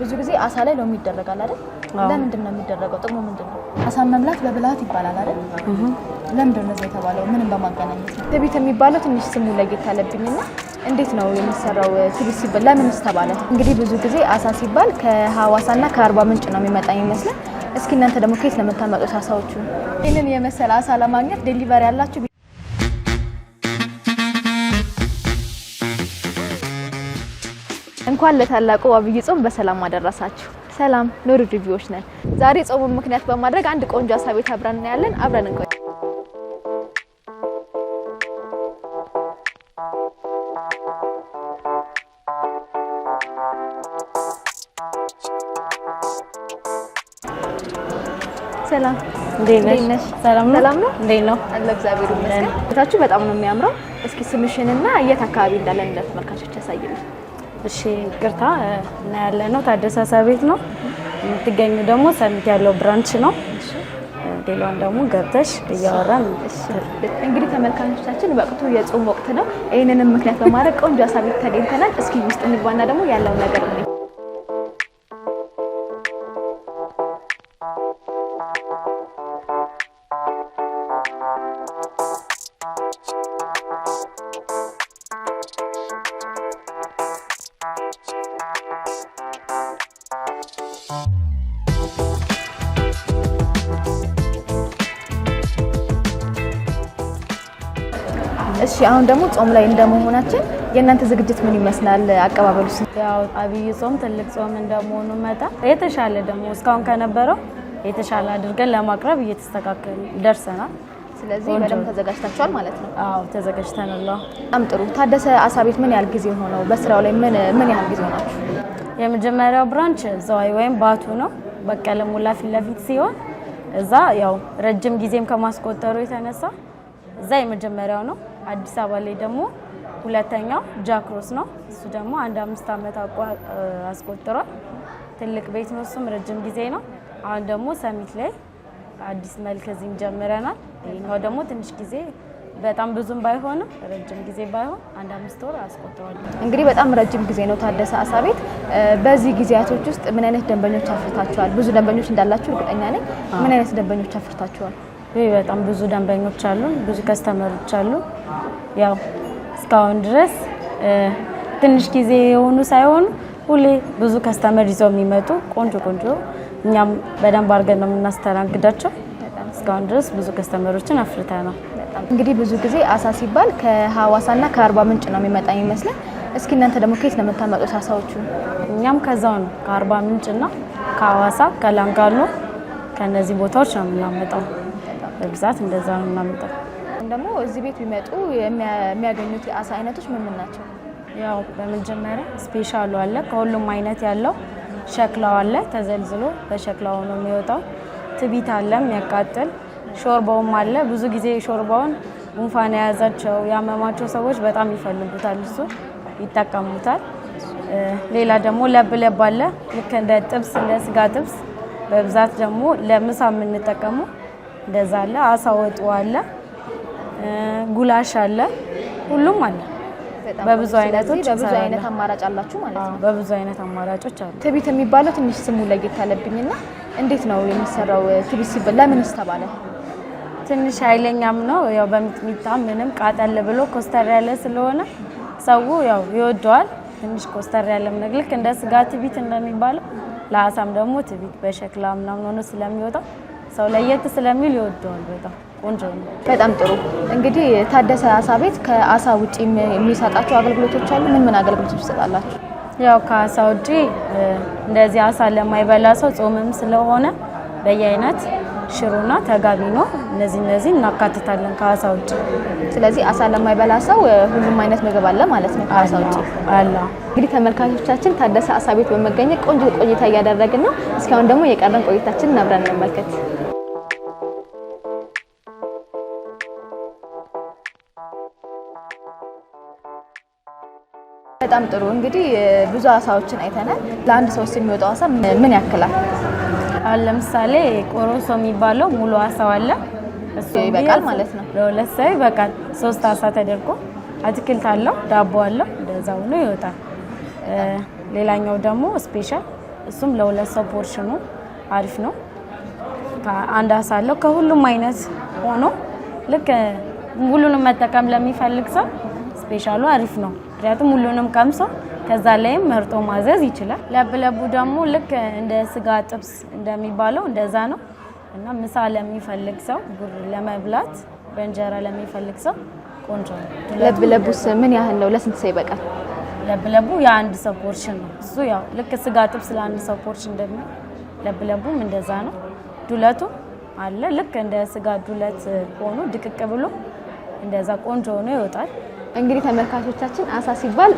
ብዙ ጊዜ አሳ ላይ ሎሚ ይደረጋል አይደል? ለምንድን ነው የሚደረገው? ጥቅሙ ምንድን ነው? አሳ መብላት በብልሃት ይባላል አይደል? ለምንድን ነው የተባለው? ምንም በማገናኘት ነው። ትቢት የሚባለው ትንሽ ስሙ ለየት ያለብኝና እንዴት ነው የሚሰራው? ትቢት ሲባል ለምንስ ተባለ? እንግዲህ ብዙ ጊዜ አሳ ሲባል ከሀዋሳ ከሐዋሳና ከአርባ ምንጭ ነው የሚመጣ ይመስላል። እስኪ እናንተ ደግሞ ከየት ነው የምታመጡት አሳዎቹ? ይህንን የመሰለ አሳ ለማግኘት ዴሊቨሪ ያላችሁ እንኳን ለታላቁ አብይ ጾም በሰላም አደረሳችሁ። ሰላም ኖር ሪቪዎች ነን። ዛሬ ጾሙን ምክንያት በማድረግ አንድ ቆንጆ ሀሳብ ቤት አብረን እናያለን። አብረን እንቆይ። ሰላም ሰላም ነው። እንዴት ነው? እግዚአብሔር ይመስገን። ታችሁ በጣም ነው የሚያምረው። እስኪ ስምሽንና የት አካባቢ እንዳለን ለተመልካቾች ያሳየን። እሺ ቅርታ እና ያለ ነው ታደሳሳ ቤት ነው የምትገኙ። ደግሞ ሰሚት ያለው ብራንች ነው። ሌላውን ደግሞ ገብተሽ እያወራን እንግዲህ ተመልካቾቻችን፣ ወቅቱ የጾም ወቅት ነው። ይህንንም ምክንያት በማድረግ ቆንጆ ሀሳብ ተገኝተናል። እስኪ ውስጥ እንግባና ደግሞ ያለው ነገር አሁን ደግሞ ጾም ላይ እንደመሆናችን የእናንተ ዝግጅት ምን ይመስላል? አቀባበሉ ያው አብይ ጾም ትልቅ ጾም እንደመሆኑ መጠን የተሻለ ደግሞ እስካሁን ከነበረው የተሻለ አድርገን ለማቅረብ እየተስተካከሉ ደርሰናል። ስለዚህ በደንብ ተዘጋጅታችኋል ማለት ነው? አዎ ተዘጋጅተናል። በጣም ጥሩ። ታደሰ አሳ ቤት ምን ያህል ጊዜ ሆነው? በስራው ላይ ምን ምን ያህል ጊዜ ሆናችሁ? የመጀመሪያው ብራንች ዘዋይ ወይም ባቱ ነው፣ በቀለ ሞላ ፊት ለፊት ሲሆን እዛ ያው ረጅም ጊዜም ከማስቆጠሩ የተነሳ እዛ የመጀመሪያው ነው። አዲስ አበባ ላይ ደግሞ ሁለተኛው ጃክሮስ ነው። እሱ ደግሞ አንድ አምስት ዓመት አስቆጥሯል። ትልቅ ቤት ነው። እሱም ረጅም ጊዜ ነው። አሁን ደግሞ ሰሚት ላይ አዲስ መልክ እዚህም ጀምረናል። ይህኛው ደግሞ ትንሽ ጊዜ በጣም ብዙም ባይሆንም ረጅም ጊዜ ባይሆን አንድ አምስት ወር አስቆጥሯል። እንግዲህ በጣም ረጅም ጊዜ ነው ታደሰ አሳ ቤት። በዚህ ጊዜያቶች ውስጥ ምን አይነት ደንበኞች አፍርታችኋል? ብዙ ደንበኞች እንዳላችሁ እርግጠኛ ነኝ። ምን አይነት ደንበኞች አፍርታችኋል? ይህ በጣም ብዙ ደንበኞች አሉ፣ ብዙ ከስተመሮች አሉ። ያው እስካሁን ድረስ ትንሽ ጊዜ የሆኑ ሳይሆኑ ሁሌ ብዙ ከስተመር ይዘው የሚመጡ ቆንጆ ቆንጆ እኛም በደንብ አድርገን ነው የምናስተናግዳቸው። እስካሁን ድረስ ብዙ ከስተመሮችን አፍርተ ነው። እንግዲህ ብዙ ጊዜ አሳ ሲባል ከሀዋሳና ከአርባ ምንጭ ነው የሚመጣ ይመስላል። እስኪ እናንተ ደግሞ ከየት ነው የምታመጡት አሳዎቹ? እኛም ከዛው ነው ከአርባ ምንጭና ከሀዋሳ ከላንጋኖ ከእነዚህ ቦታዎች ነው የምናመጣው። በብዛት እንደዛ ነው የምናመጣው። ደግሞ እዚህ ቤት ቢመጡ የሚያገኙት የአሳ አይነቶች ምን ምን ናቸው? ያው በመጀመሪያ ስፔሻሉ አለ ከሁሉም አይነት ያለው ሸክላው አለ ተዘልዝሎ በሸክላው ነው የሚወጣው። ትቢት አለ የሚያቃጥል ሾርባውም አለ። ብዙ ጊዜ ሾርባውን ጉንፋን የያዛቸው ያመማቸው ሰዎች በጣም ይፈልጉታል፣ እሱ ይጠቀሙታል። ሌላ ደግሞ ለብ ለብ አለ ልክ እንደ ጥብስ እንደ ስጋ ጥብስ በብዛት ደግሞ ለምሳ የምንጠቀመው እንደዛ አለ። አሳ ወጡ አለ፣ ጉላሽ አለ፣ ሁሉም አለ። በብዙ አይነቶች በብዙ አይነት አማራጭ አላችሁ ማለት ነው። በብዙ አይነት አማራጮች አሉ። ትቢት የሚባለው ትንሽ ስሙ ለየት አለብኝና እንዴት ነው የሚሰራው? ትቢት ሲበላ ለምንስ ተባለ? ትንሽ ኃይለኛም ነው ያው በሚጥሚጣ ምንም ቃጠል ብሎ ኮስተር ያለ ስለሆነ ሰው ያው ይወደዋል። ትንሽ ኮስተር ያለ ነገር ልክ እንደ ስጋ ትቢት እንደሚባለው ለአሳም ደግሞ ትቢት በሸክላ ምናምን ሆኖ ስለሚወጣው ሰው ለየት ስለሚል ይወደዋል። በጣም ቆንጆ ነው። በጣም ጥሩ። እንግዲህ ታደሰ አሳ ቤት ከአሳ ውጭ የሚሰጣቸው አገልግሎቶች አሉ። ምን ምን አገልግሎቶች ይሰጣላችሁ? ያው ከአሳ ውጪ እንደዚህ አሳ ለማይበላ ሰው ጾምም ስለሆነ በየአይነት ሽሮና ተጋቢ ነው። እነዚህ እነዚህ እናካትታለን ከአሳ ውጭ። ስለዚህ አሳ ለማይበላ ሰው ሁሉም አይነት ምግብ አለ ማለት ነው ከአሳ ውጭ አለ። እንግዲህ ተመልካቾቻችን ታደሰ አሳ ቤት በመገኘት ቆንጆ ቆይታ እያደረግን ነው። እስካሁን ደግሞ የቀረን ቆይታችን አብረን እንመልከት። በጣም ጥሩ እንግዲህ ብዙ አሳዎችን አይተናል። ለአንድ ሰው የሚወጣው አሳ ምን ያክላል? አሁን ለምሳሌ ቆሮሶ የሚባለው ሙሉ አሳው አለ። እሱ ይበቃል ማለት ነው። ለሁለት ሰው ይበቃል። ሶስት አሳ ተደርጎ አትክልት አለው፣ ዳቦ አለው፣ እንደዛ ሆኖ ይወጣል። ሌላኛው ደግሞ ስፔሻል፣ እሱም ለሁለት ሰው ፖርሽኑ አሪፍ ነው። አንድ አሳ አለው ከሁሉም አይነት ሆኖ ልክ ሁሉንም መጠቀም ለሚፈልግ ሰው ስፔሻሉ አሪፍ ነው። ምክንያቱም ሁሉንም ቀምሶ ከዛ ላይም መርጦ ማዘዝ ይችላል። ለብለቡ ደግሞ ልክ እንደ ስጋ ጥብስ እንደሚባለው እንደዛ ነው እና ምሳ ለሚፈልግ ሰው ጉር ለመብላት በእንጀራ ለሚፈልግ ሰው ቆንጆ ነው። ለብለቡስ ምን ያህል ነው? ለስንት ሰው ይበቃል? ለብለቡ የአንድ ሰው ፖርሽን ነው። እሱ ያው ልክ ስጋ ጥብስ ለአንድ ሰው ፖርሽን ደግሞ ለብለቡም እንደዛ ነው። ዱለቱ አለ ልክ እንደ ስጋ ዱለት ሆኖ ድቅቅ ብሎ እንደዛ ቆንጆ ሆኖ ይወጣል። እንግዲህ ተመልካቾቻችን አሳ ሲባል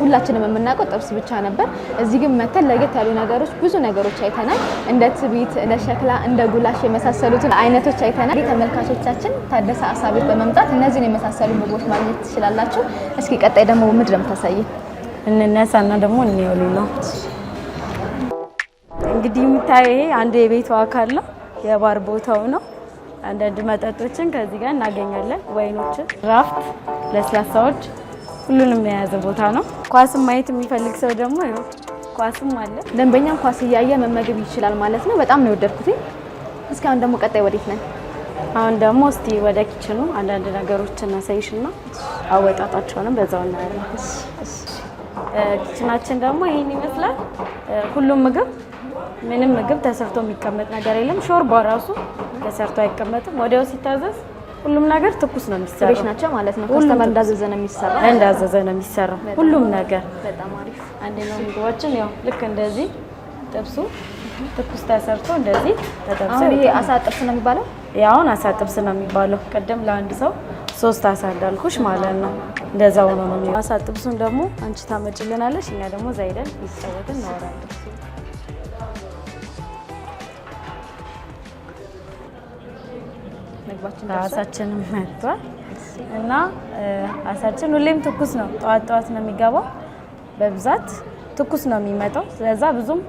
ሁላችንም የምናውቀው ጥብስ ብቻ ነበር። እዚህ ግን መተን ለየት ያሉ ነገሮች ብዙ ነገሮች አይተናል። እንደ ትቢት፣ እንደ ሸክላ፣ እንደ ጉላሽ የመሳሰሉትን አይነቶች አይተናል። ተመልካቾቻችን ታደሰ አሳ ቤት በመምጣት እነዚህን የመሳሰሉ ምግቦች ማግኘት ትችላላችሁ። እስኪ ቀጣይ ደግሞ ምንድን ነው እንነሳና ደግሞ እንየውልላ እንግዲህ የምታየው ይሄ አንዱ የቤቱ አካል ነው። የባር ቦታው ነው። አንዳንድ መጠጦችን ከዚህ ጋር እናገኛለን። ወይኖችን፣ ራፍት፣ ለስላሳዎች ሁሉንም የያዘ ቦታ ነው። ኳስም ማየት የሚፈልግ ሰው ደግሞ ኳስም አለ። ደንበኛም ኳስ እያየ መመገብ ይችላል ማለት ነው። በጣም ነው የወደድኩት። እስኪ አሁን ደግሞ ቀጣይ ወዴት ነን? አሁን ደግሞ እስቲ ወደ ኪችኑ አንዳንድ ነገሮችን እናሳይሽና አወጣጣቸውንም በዛው እናያለን። ኪችናችን ደግሞ ይህን ይመስላል። ሁሉም ምግብ ምንም ምግብ ተሰርቶ የሚቀመጥ ነገር የለም። ሾርባ ራሱ ተሰርቶ አይቀመጥም። ወዲያው ሲታዘዝ ሁሉም ነገር ትኩስ ነው የሚሰራው። ፍሬሽ ናቸው ማለት ነው። ከስተመር እንዳዘዘ ነው የሚሰራው፣ እንዳዘዘ ነው የሚሰራው ሁሉም ነገር። በጣም አሪፍ። አንደኛው ምግባችን ያው ልክ እንደዚህ ጥብሱ ትኩስ ተሰርቶ እንደዚህ ተጠብሶ። ይሄ አሳ ጥብስ ነው የሚባለው። ያውን አሳ ጥብስ ነው የሚባለው። ቅድም ለአንድ ሰው ሶስት አሳ እንዳልኩሽ ማለት ነው። እንደዛው ነው ነው። አሳ ጥብሱን ደግሞ አንቺ ታመጭልናለሽ፣ እኛ ደግሞ ዛይደን ይጫወትን እናወራለን። ምግባችን ራሳችንም መጥቷል እና አሳችን ሁሌም ትኩስ ነው። ጠዋት ጠዋት ነው የሚገባው በብዛት ትኩስ ነው የሚመጣው። ስለዛ ብዙም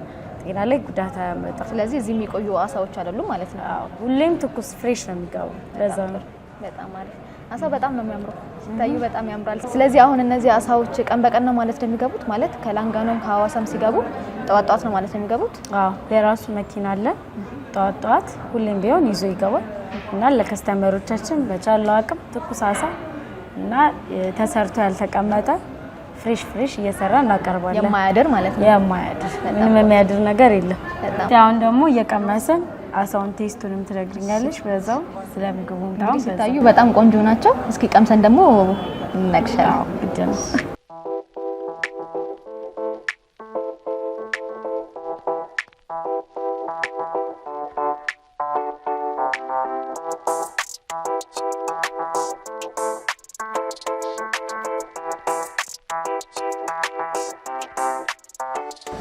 ጤና ላይ ጉዳት አያመጣም። ስለዚህ እዚህ የሚቆዩ አሳዎች አይደሉም ማለት ነው። ሁሌም ትኩስ ፍሬሽ ነው የሚገባው። በዛ ነው። በጣም አሪፍ አሳው በጣም ነው የሚያምረው። ሲታዩ በጣም ያምራል። ስለዚህ አሁን እነዚህ አሳዎች ቀን በቀን ነው ማለት ነው የሚገቡት። ማለት ከላንጋኖም ከሀዋሳም ሲገቡ ጠዋት ጠዋት ነው ማለት ነው የሚገቡት። አዎ የራሱ መኪና አለ። ጠዋት ጠዋት ሁሌም ቢሆን ይዞ ይገባል እና ለከስተመሮቻችን በቻለው አቅም ትኩስ አሳ እና ተሰርቶ ያልተቀመጠ ፍሬሽ ፍሬሽ እየሰራ እናቀርባለን። የማያድር ማለት ነው። የማያድር ምንም የሚያድር ነገር የለም። አሁን ደግሞ እየቀመስን አሳውን ቴስቱንም ትነግሪኛለሽ፣ በዛው ስለምግቡ ሲታዩ በጣም ቆንጆ ናቸው። እስኪ ቀምሰን ደግሞ ነቅሸው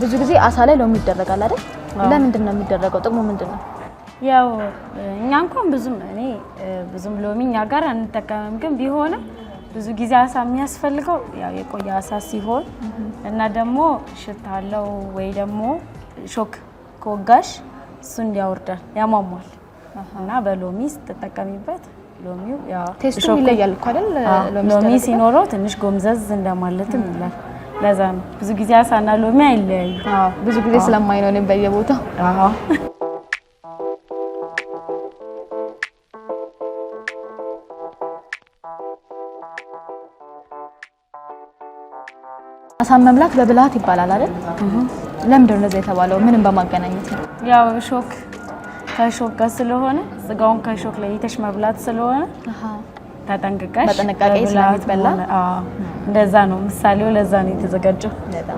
ብዙ ጊዜ አሳ ላይ ሎሚ ይደረጋል አይደል? ለምንድን ነው የሚደረገው? ጥቅሙ ምንድን ነው? ያው እኛ እንኳን ብዙም እኔ ብዙም ሎሚ እኛ ጋር አንጠቀምም፣ ግን ቢሆንም ብዙ ጊዜ አሳ የሚያስፈልገው ያው የቆየ አሳ ሲሆን እና ደግሞ ሽታ አለው ወይ ደግሞ ሾክ ከወጋሽ እሱን ያወርዳል፣ ያሟሟል እና በሎሚ ስትጠቀሚበት ሎሚው ቴስቱ ይለያል እኮ አይደል? ሎሚ ሲኖረው ትንሽ ጎምዘዝ እንደማለትም ይላል። ለዛ ነው ብዙ ጊዜ አሳና ሎሚ አይለያዩ። ብዙ ጊዜ ስለማይነው በየቦታው አሳን መብላት በብልሃት ይባላል አይደል? ለምንድነው እንደዛ የተባለው? ምንም በማገናኘት ነው። ያው ሾክ ከሾክ ጋር ስለሆነ ስጋውን ከሾክ ለይተሽ መብላት ስለሆነ ተጠንቅቀሽ በጥንቃቄ ስለሚበላ እንደዛ ነው። ምሳሌው ለዛ ነው የተዘጋጀው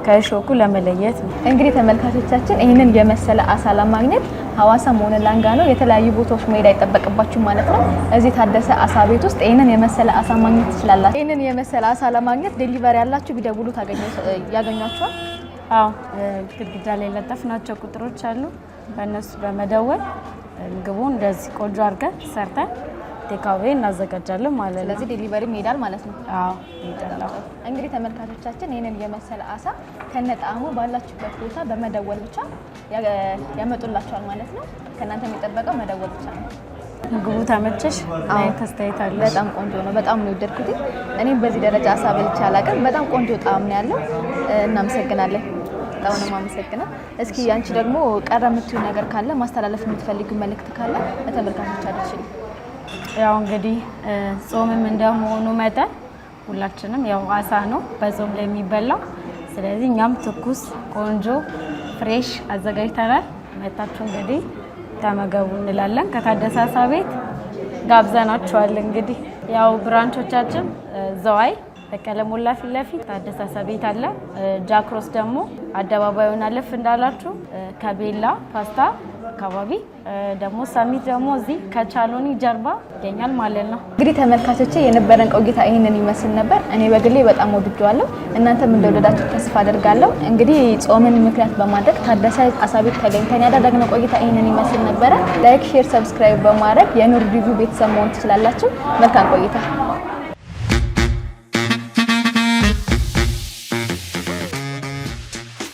ከሾኩ ለመለየት ነው። እንግዲህ ተመልካቾቻችን ይህንን የመሰለ አሳ ለማግኘት ሀዋሳም ሆነ ነው። የተለያዩ ቦታዎች መሄድ አይጠበቅባችሁ ማለት ነው። እዚህ ታደሰ አሳ ቤት ውስጥ ይህንን የመሰለ አሳ ማግኘት ትችላላችሁ። ይህንን የመሰለ አሳ ለማግኘት ዴሊቨሪ ያላችሁ ቢደውሉ ያገኟቸዋል። አዎ ግድግዳ ላይ ለጠፍናቸው ቁጥሮች አሉ። በእነሱ በመደወል ምግቡ እንደዚህ ቆንጆ አድርገን ሰርተን ቴካዌ እናዘጋጃለን ማለት ነው። ስለዚህ ዴሊቨሪም ይሄዳል ማለት ነው። አዎ ይሄዳል። እንግዲህ ተመልካቾቻችን ይህንን የመሰለ አሳ ከነጣዕሙ ባላችሁበት ቦታ በመደወል ብቻ ያመጡላቸዋል ማለት ነው። ከእናንተ የሚጠበቀው መደወል ብቻ ነው። ምግቡ ተመቸሽ? ተስተያየታለሽ? በጣም ቆንጆ ነው። በጣም ነው የወደድኩት። እኔም በዚህ ደረጃ አሳ በልቼ አላውቅም። በጣም ቆንጆ ጣዕም ነው ያለው። እናመሰግናለን። በጣም አመሰግናል። እስኪ አንቺ ደግሞ ቀረ የምትይው ነገር ካለ ማስተላለፍ የምትፈልጊው መልእክት ካለ ለተመልካቾች አድርሽል። ያው እንግዲህ ጾምም እንደመሆኑ መጠን ሁላችንም ያው አሳ ነው በጾም ላይ የሚበላው። ስለዚህ እኛም ትኩስ ቆንጆ ፍሬሽ አዘጋጅተናል። መታችሁ እንግዲህ ተመገቡ እንላለን። ከታደሰ አሳ ቤት ጋብዘናችኋል። እንግዲህ ያው ብራንቾቻችን ዘዋይ በቀለ ሞላ ፊት ለፊት ታደሰ አሳ ቤት አለ። ጃክሮስ ደግሞ አደባባዩን አለፍ እንዳላችሁ ከቤላ ፓስታ አካባቢ ደግሞ ሰሚት ደግሞ እዚህ ከቻሎኒ ጀርባ ይገኛል ማለት ነው። እንግዲህ ተመልካቾቼ የነበረን ቆይታ ይህንን ይመስል ነበር። እኔ በግሌ በጣም ወድጀዋለሁ፣ እናንተም እንደወደዳችሁ ተስፋ አደርጋለሁ። እንግዲህ ጾምን ምክንያት በማድረግ ታደሰ አሳቤት ተገኝተን ያደረግነው ቆይታ ይህንን ይመስል ነበረ። ላይክ፣ ሼር፣ ሰብስክራይብ በማድረግ የኑር ሪቪው ቤተሰብ መሆን ትችላላችሁ። መልካም ቆይታ